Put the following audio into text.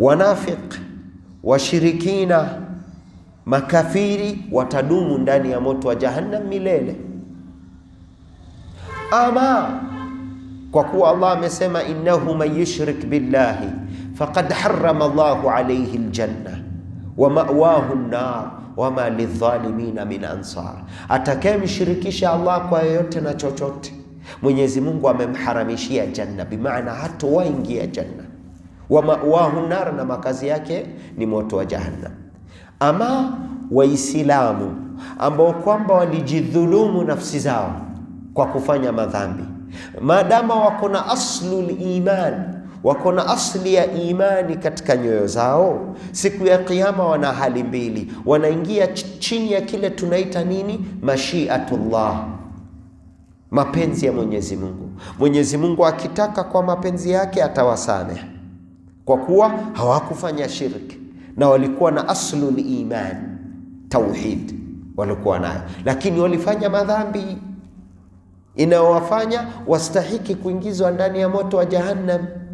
wanafiq, washirikina, makafiri watadumu ndani ya moto wa jahannam milele. Ama kwa kuwa Allah amesema, innahu man yushrik billahi faqad harrama Allahu alayhi aljanna wa ma'wahu an-nar wama lidhalimina min ansar, atakayemshirikisha Allah kwa yoyote na chochote Mwenyezi Mungu amemharamishia janna, bimaana hatowaingia janna wa mawahu nar, na makazi yake ni moto wa jahannam. Ama Waislamu ambao kwamba walijidhulumu nafsi zao kwa kufanya madhambi, madama wako na aslul iman wako na asli ya imani katika nyoyo zao, siku ya Kiyama wana hali mbili, wanaingia chini ya kile tunaita nini, mashiatullah, mapenzi ya Mwenyezi Mungu. Mwenyezi Mungu akitaka kwa mapenzi yake atawasamehe kwa kuwa hawakufanya shirki na walikuwa na aslul iman tauhid, walikuwa nayo, lakini walifanya madhambi inayowafanya wastahiki kuingizwa ndani ya moto wa Jahannam.